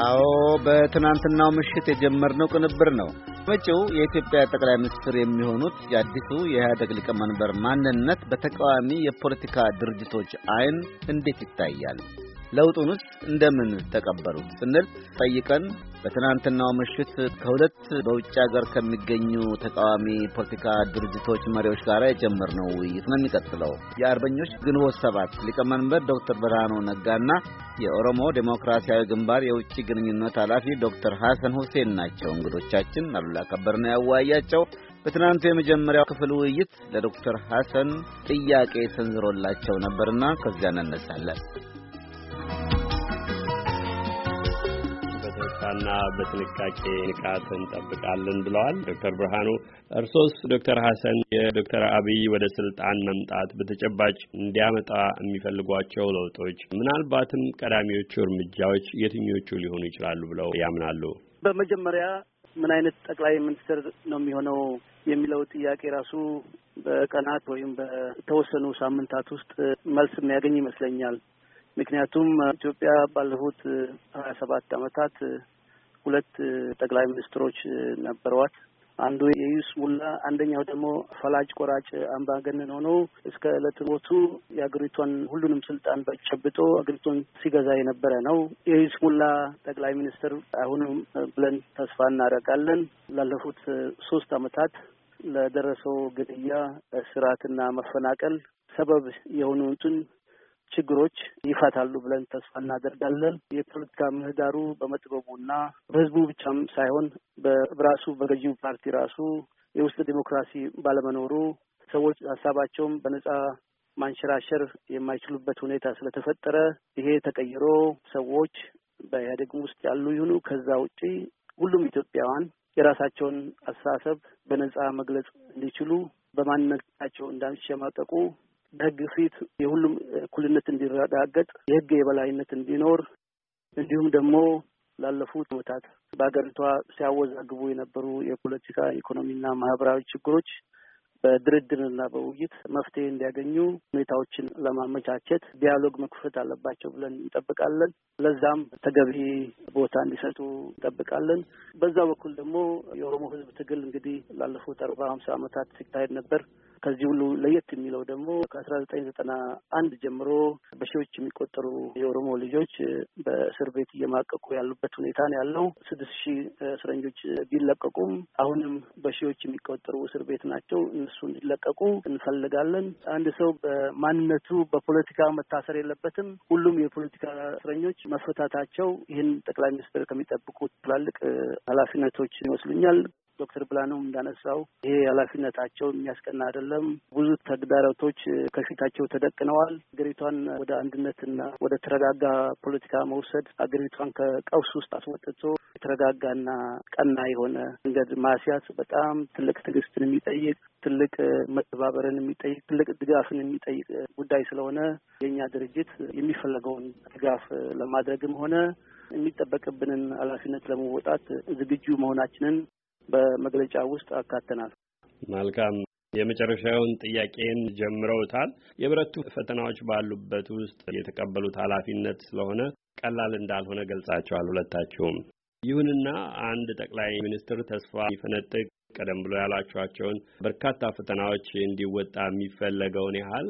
አዎ በትናንትናው ምሽት የጀመርነው ቅንብር ነው። መጪው የኢትዮጵያ ጠቅላይ ሚኒስትር የሚሆኑት የአዲሱ የኢህአደግ ሊቀመንበር ማንነት በተቃዋሚ የፖለቲካ ድርጅቶች አይን እንዴት ይታያል? ለውጡንስ እንደምን ተቀበሉት ስንል ጠይቀን በትናንትናው ምሽት ከሁለት በውጭ ሀገር ከሚገኙ ተቃዋሚ ፖለቲካ ድርጅቶች መሪዎች ጋር የጀመርነው ውይይት ነው የሚቀጥለው። የአርበኞች ግንቦት ሰባት ሊቀመንበር ዶክተር ብርሃኑ ነጋና የኦሮሞ ዴሞክራሲያዊ ግንባር የውጭ ግንኙነት ኃላፊ ዶክተር ሐሰን ሁሴን ናቸው እንግዶቻችን። አሉላ ከበር ነው ያወያያቸው። በትናንቱ የመጀመሪያው ክፍል ውይይት ለዶክተር ሐሰን ጥያቄ ሰንዝሮላቸው ነበርና ከዚያ እንነሳለን። በእርጋታና በጥንቃቄ ንቃት እንጠብቃለን ብለዋል ዶክተር ብርሃኑ። እርሶስ ዶክተር ሀሰን የዶክተር አብይ ወደ ስልጣን መምጣት በተጨባጭ እንዲያመጣ የሚፈልጓቸው ለውጦች ምናልባትም ቀዳሚዎቹ እርምጃዎች የትኞቹ ሊሆኑ ይችላሉ ብለው ያምናሉ? በመጀመሪያ ምን አይነት ጠቅላይ ሚኒስትር ነው የሚሆነው የሚለው ጥያቄ ራሱ በቀናት ወይም በተወሰኑ ሳምንታት ውስጥ መልስ የሚያገኝ ይመስለኛል። ምክንያቱም ኢትዮጵያ ባለፉት ሀያ ሰባት አመታት ሁለት ጠቅላይ ሚኒስትሮች ነበረዋት። አንዱ የሂዝቡላ አንደኛው ደግሞ ፈላጭ ቆራጭ አምባገነን ሆኖ እስከ ዕለት ሞቱ የአገሪቷን ሁሉንም ስልጣን በጨብጦ አገሪቷን ሲገዛ የነበረ ነው። የሂዝቡላ ጠቅላይ ሚኒስትር አሁንም ብለን ተስፋ እናደርጋለን ላለፉት ሶስት አመታት ለደረሰው ግድያ፣ እስራትና መፈናቀል ሰበብ የሆኑትን ችግሮች ይፈታሉ ብለን ተስፋ እናደርጋለን። የፖለቲካ ምህዳሩ በመጥበቡና በህዝቡ ብቻም ሳይሆን በራሱ በገዢው ፓርቲ ራሱ የውስጥ ዲሞክራሲ ባለመኖሩ ሰዎች ሀሳባቸውም በነጻ ማንሸራሸር የማይችሉበት ሁኔታ ስለተፈጠረ ይሄ ተቀይሮ ሰዎች በኢህአዴግ ውስጥ ያሉ ይሁኑ ከዛ ውጪ ሁሉም ኢትዮጵያውያን የራሳቸውን አስተሳሰብ በነጻ መግለጽ እንዲችሉ በማንነታቸው እንዳንሸማቀቁ በህግ ፊት የሁሉም እኩልነት እንዲረጋገጥ የህግ የበላይነት እንዲኖር እንዲሁም ደግሞ ላለፉት ዓመታት በሀገሪቷ ሲያወዛግቡ የነበሩ የፖለቲካ ኢኮኖሚና ማህበራዊ ችግሮች በድርድርና በውይይት መፍትሄ እንዲያገኙ ሁኔታዎችን ለማመቻቸት ዲያሎግ መክፈት አለባቸው ብለን እንጠብቃለን። ለዛም ተገቢ ቦታ እንዲሰጡ እንጠብቃለን። በዛ በኩል ደግሞ የኦሮሞ ህዝብ ትግል እንግዲህ ላለፉት አርባ ሀምሳ ዓመታት ሲካሄድ ነበር። ከዚህ ሁሉ ለየት የሚለው ደግሞ ከአስራ ዘጠኝ ዘጠና አንድ ጀምሮ በሺዎች የሚቆጠሩ የኦሮሞ ልጆች በእስር ቤት እየማቀቁ ያሉበት ሁኔታ ነው ያለው። ስድስት ሺህ እስረኞች ቢለቀቁም አሁንም በሺዎች የሚቆጠሩ እስር ቤት ናቸው። እነሱ እንዲለቀቁ እንፈልጋለን። አንድ ሰው በማንነቱ በፖለቲካ መታሰር የለበትም። ሁሉም የፖለቲካ እስረኞች መፈታታቸው ይህን ጠቅላይ ሚኒስትር ከሚጠብቁት ትላልቅ ኃላፊነቶች ይመስሉኛል። ዶክተር ብላነው እንዳነሳው ይሄ ኃላፊነታቸው የሚያስቀና አይደለም። ብዙ ተግዳሮቶች ከፊታቸው ተደቅነዋል። አገሪቷን ወደ አንድነትና ወደ ተረጋጋ ፖለቲካ መውሰድ አገሪቷን ከቀውስ ውስጥ አስወጥቶ የተረጋጋና ቀና የሆነ መንገድ ማስያዝ በጣም ትልቅ ትዕግስትን የሚጠይቅ ትልቅ መተባበርን የሚጠይቅ ትልቅ ድጋፍን የሚጠይቅ ጉዳይ ስለሆነ የእኛ ድርጅት የሚፈለገውን ድጋፍ ለማድረግም ሆነ የሚጠበቅብንን ኃላፊነት ለመወጣት ዝግጁ መሆናችንን በመግለጫ ውስጥ አካተናል። መልካም። የመጨረሻውን ጥያቄን ጀምረውታል። የብረቱ ፈተናዎች ባሉበት ውስጥ የተቀበሉት ኃላፊነት ስለሆነ ቀላል እንዳልሆነ ገልጻቸዋል ሁለታችሁም። ይሁንና አንድ ጠቅላይ ሚኒስትር ተስፋ ይፈነጥቅ ቀደም ብሎ ያሏቸዋቸውን በርካታ ፈተናዎች እንዲወጣ የሚፈለገውን ያህል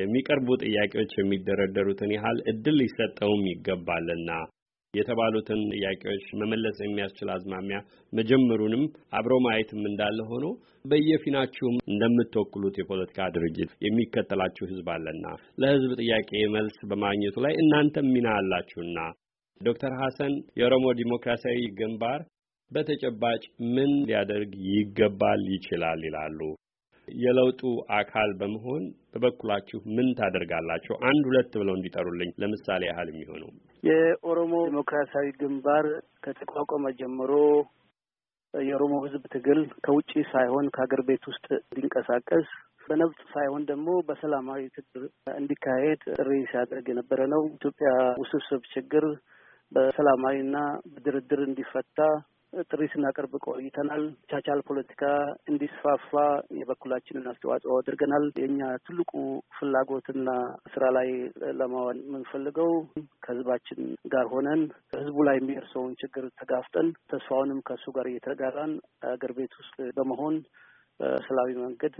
የሚቀርቡ ጥያቄዎች የሚደረደሩትን ያህል እድል ሊሰጠውም ይገባልና የተባሉትን ጥያቄዎች መመለስ የሚያስችል አዝማሚያ መጀመሩንም አብሮ ማየትም እንዳለ ሆኖ በየፊናችሁም እንደምትወክሉት የፖለቲካ ድርጅት የሚከተላችሁ ሕዝብ አለና ለሕዝብ ጥያቄ መልስ በማግኘቱ ላይ እናንተም ሚና አላችሁና ዶክተር ሐሰን የኦሮሞ ዲሞክራሲያዊ ግንባር በተጨባጭ ምን ሊያደርግ ይገባል ይችላል ይላሉ? የለውጡ አካል በመሆን በበኩላችሁ ምን ታደርጋላችሁ? አንድ ሁለት ብለው እንዲጠሩልኝ ለምሳሌ ያህል የሚሆነው የኦሮሞ ዴሞክራሲያዊ ግንባር ከተቋቋመ ጀምሮ የኦሮሞ ሕዝብ ትግል ከውጭ ሳይሆን ከሀገር ቤት ውስጥ እንዲንቀሳቀስ በነብጥ ሳይሆን ደግሞ በሰላማዊ ትግል እንዲካሄድ ጥሪ ሲያደርግ የነበረ ነው። ኢትዮጵያ ውስብስብ ችግር በሰላማዊና በድርድር እንዲፈታ ጥሪ ስናቀርብ ቆይተናል። ቻቻል ፖለቲካ እንዲስፋፋ የበኩላችንን አስተዋጽኦ አድርገናል። የእኛ ትልቁ ፍላጎትና ስራ ላይ ለማዋል የምንፈልገው ከህዝባችን ጋር ሆነን ህዝቡ ላይ የሚደርሰውን ችግር ተጋፍጠን ተስፋውንም ከእሱ ጋር እየተጋራን አገር ቤት ውስጥ በመሆን በሰላማዊ መንገድ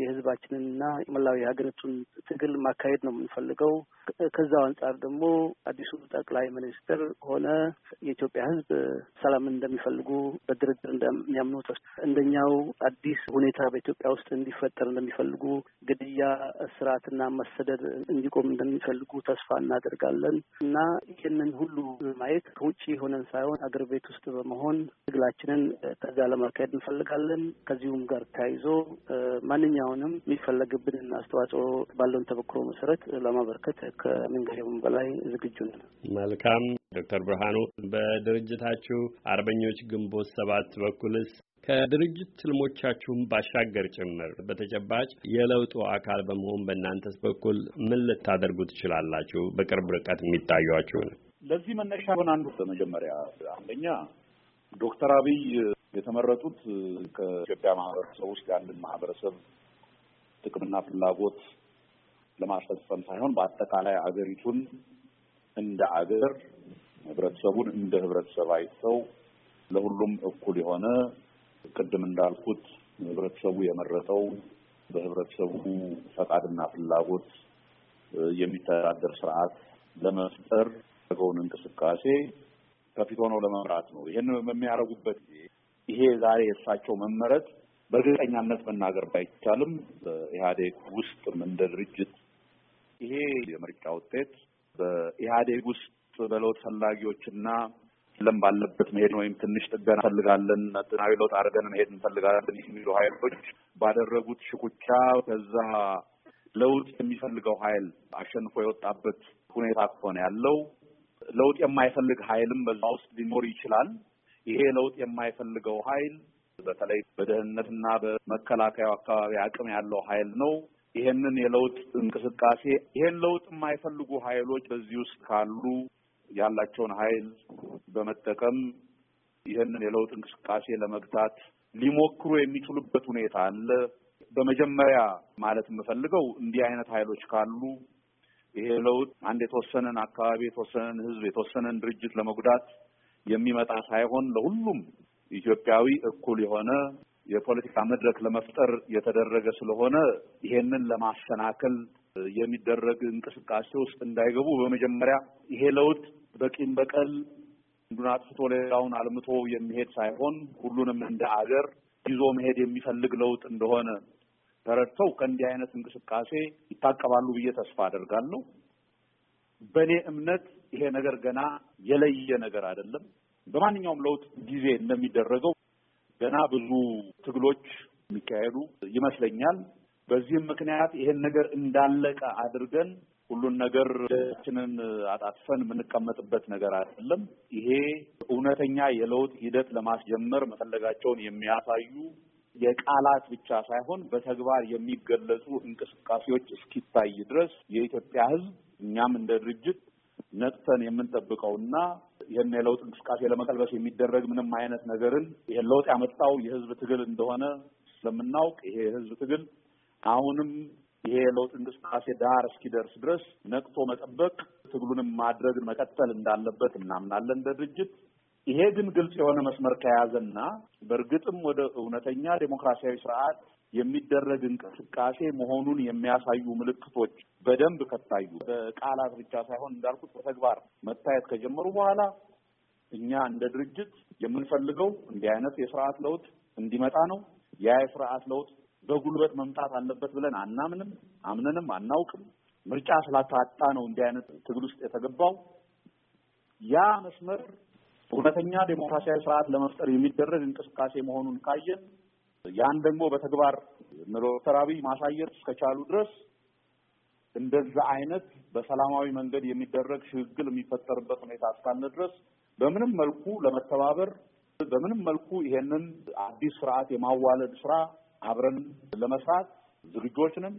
የህዝባችንንና መላዊ የሀገሪቱን ትግል ማካሄድ ነው የምንፈልገው። ከዛው አንጻር ደግሞ አዲሱ ጠቅላይ ሚኒስትር ሆነ የኢትዮጵያ ህዝብ ሰላምን እንደሚፈልጉ በድርድር እንደሚያምኑ እንደኛው አዲስ ሁኔታ በኢትዮጵያ ውስጥ እንዲፈጠር እንደሚፈልጉ፣ ግድያ ስርዓትና መሰደድ እንዲቆም እንደሚፈልጉ ተስፋ እናደርጋለን እና ይህንን ሁሉ ማየት ከውጭ ሆነን ሳይሆን አገር ቤት ውስጥ በመሆን ትግላችንን ከዛ ለማካሄድ እንፈልጋለን ከዚሁም ጋር ተያይዞ ማንኛውንም የሚፈለግብንን አስተዋጽኦ ባለውን ተበክሮ መሰረት ለማበርከት ከምንጊዜውም በላይ ዝግጁ ነን። መልካም ዶክተር ብርሃኑ በድርጅታችሁ አርበኞች ግንቦት ሰባት በኩልስ ከድርጅት ትልሞቻችሁም ባሻገር ጭምር በተጨባጭ የለውጡ አካል በመሆን በእናንተስ በኩል ምን ልታደርጉ ትችላላችሁ? በቅርብ ርቀት የሚታዩአችሁን። ለዚህ መነሻ ሆን አንዱ በመጀመሪያ አንደኛ ዶክተር አብይ የተመረጡት ከኢትዮጵያ ማህበረሰብ ውስጥ ያንን ማህበረሰብ ጥቅምና ፍላጎት ለማስፈጸም ሳይሆን በአጠቃላይ አገሪቱን እንደ አገር ህብረተሰቡን እንደ ህብረተሰብ አይተው ለሁሉም እኩል የሆነ ቅድም እንዳልኩት ህብረተሰቡ የመረጠው በህብረተሰቡ ፈቃድና ፍላጎት የሚተዳደር ስርዓት ለመፍጠር ገውን እንቅስቃሴ ከፊት ሆነው ለመምራት ነው። ይህን በሚያደርጉበት ጊዜ ይሄ ዛሬ የእሳቸው መመረጥ በእርግጠኛነት መናገር ባይቻልም በኢህአዴግ ውስጥም እንደ ድርጅት ይሄ የምርጫ ውጤት በኢህአዴግ ውስጥ በለውጥ ፈላጊዎችና ለም ባለበት መሄድ ወይም ትንሽ ጥገና እንፈልጋለን፣ ጥናዊ ለውጥ አድርገን መሄድ እንፈልጋለን የሚሉ ሀይሎች ባደረጉት ሽኩቻ ከዛ ለውጥ የሚፈልገው ኃይል አሸንፎ የወጣበት ሁኔታ ከሆነ ያለው ለውጥ የማይፈልግ ኃይልም በዛ ውስጥ ሊኖር ይችላል። ይሄ ለውጥ የማይፈልገው ኃይል በተለይ በደህንነትና በመከላከያው አካባቢ አቅም ያለው ኃይል ነው። ይሄንን የለውጥ እንቅስቃሴ ይሄን ለውጥ የማይፈልጉ ኃይሎች በዚህ ውስጥ ካሉ ያላቸውን ኃይል በመጠቀም ይህንን የለውጥ እንቅስቃሴ ለመግታት ሊሞክሩ የሚችሉበት ሁኔታ አለ። በመጀመሪያ ማለት የምፈልገው እንዲህ አይነት ኃይሎች ካሉ ይሄ ለውጥ አንድ የተወሰነን አካባቢ፣ የተወሰነን ህዝብ የተወሰነን ድርጅት ለመጉዳት የሚመጣ ሳይሆን ለሁሉም ኢትዮጵያዊ እኩል የሆነ የፖለቲካ መድረክ ለመፍጠር የተደረገ ስለሆነ ይሄንን ለማሰናከል የሚደረግ እንቅስቃሴ ውስጥ እንዳይገቡ በመጀመሪያ ይሄ ለውጥ በቂም በቀል አንዱን አጥፍቶ ሌላውን አልምቶ የሚሄድ ሳይሆን ሁሉንም እንደ አገር ይዞ መሄድ የሚፈልግ ለውጥ እንደሆነ ተረድተው ከእንዲህ አይነት እንቅስቃሴ ይታቀባሉ ብዬ ተስፋ አደርጋለሁ። በእኔ እምነት ይሄ ነገር ገና የለየ ነገር አይደለም። በማንኛውም ለውጥ ጊዜ እንደሚደረገው ገና ብዙ ትግሎች የሚካሄዱ ይመስለኛል። በዚህም ምክንያት ይሄን ነገር እንዳለቀ አድርገን ሁሉን ነገር ችንን አጣጥፈን የምንቀመጥበት ነገር አይደለም። ይሄ እውነተኛ የለውጥ ሂደት ለማስጀመር መፈለጋቸውን የሚያሳዩ የቃላት ብቻ ሳይሆን በተግባር የሚገለጹ እንቅስቃሴዎች እስኪታይ ድረስ የኢትዮጵያ ሕዝብ እኛም እንደ ድርጅት ነቅተን የምንጠብቀውና ይህን የለውጥ እንቅስቃሴ ለመቀልበስ የሚደረግ ምንም አይነት ነገርን ይህን ለውጥ ያመጣው የህዝብ ትግል እንደሆነ ስለምናውቅ ይሄ የህዝብ ትግል አሁንም ይሄ የለውጥ እንቅስቃሴ ዳር እስኪደርስ ድረስ ነቅቶ መጠበቅ፣ ትግሉንም ማድረግን መቀጠል እንዳለበት እናምናለን እንደ ድርጅት። ይሄ ግን ግልጽ የሆነ መስመር ከያዘና በእርግጥም ወደ እውነተኛ ዴሞክራሲያዊ ስርዓት የሚደረግ እንቅስቃሴ መሆኑን የሚያሳዩ ምልክቶች በደንብ ከታዩ በቃላት ብቻ ሳይሆን እንዳልኩት በተግባር መታየት ከጀመሩ በኋላ እኛ እንደ ድርጅት የምንፈልገው እንዲህ አይነት የስርዓት ለውጥ እንዲመጣ ነው። ያ የስርዓት ለውጥ በጉልበት መምጣት አለበት ብለን አናምንም፣ አምነንም አናውቅም። ምርጫ ስላታጣ ነው እንዲህ አይነት ትግል ውስጥ የተገባው ያ መስመር እውነተኛ ዴሞክራሲያዊ ስርዓት ለመፍጠር የሚደረግ እንቅስቃሴ መሆኑን ካየን ያን ደግሞ በተግባር ዶክተር አብይ ማሳየት እስከቻሉ ድረስ እንደዛ አይነት በሰላማዊ መንገድ የሚደረግ ሽግግር የሚፈጠርበት ሁኔታ እስካለ ድረስ በምንም መልኩ ለመተባበር በምንም መልኩ ይሄንን አዲስ ስርዓት የማዋለድ ስራ አብረን ለመስራት ዝግጆችንም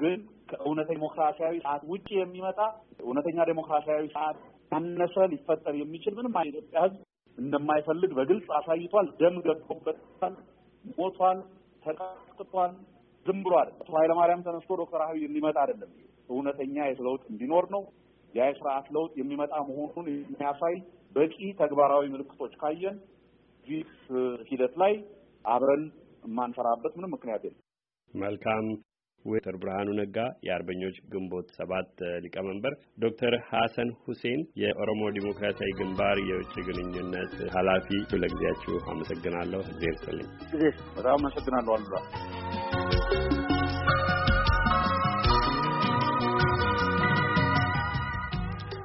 ግን ከእውነተኛ ዴሞክራሲያዊ ሰዓት ውጭ የሚመጣ እውነተኛ ዴሞክራሲያዊ ሰዓት ያነሰ ሊፈጠር የሚችል ምንም የኢትዮጵያ ህዝብ እንደማይፈልግ በግልጽ አሳይቷል። ደም ገብቶበታል፣ ሞቷል፣ ተቀጥቅቷል። ዝም ብሎ አይደለም። አቶ ኃይለማርያም ተነስቶ ዶክተር አብይ የሚመጣ አይደለም። እውነተኛ የት ለውጥ እንዲኖር ነው። ያ የስርዓት ለውጥ የሚመጣ መሆኑን የሚያሳይ በቂ ተግባራዊ ምልክቶች ካየን ቪክስ ሂደት ላይ አብረን የማንሰራበት ምንም ምክንያት የለም። መልካም ዶክተር ብርሃኑ ነጋ የአርበኞች ግንቦት ሰባት ሊቀመንበር፣ ዶክተር ሀሰን ሁሴን የኦሮሞ ዲሞክራሲያዊ ግንባር የውጭ ግንኙነት ኃላፊ፣ ለጊዜያችሁ አመሰግናለሁ። እግዜር ይስጥልኝ። በጣም አመሰግናለሁ አሉላ።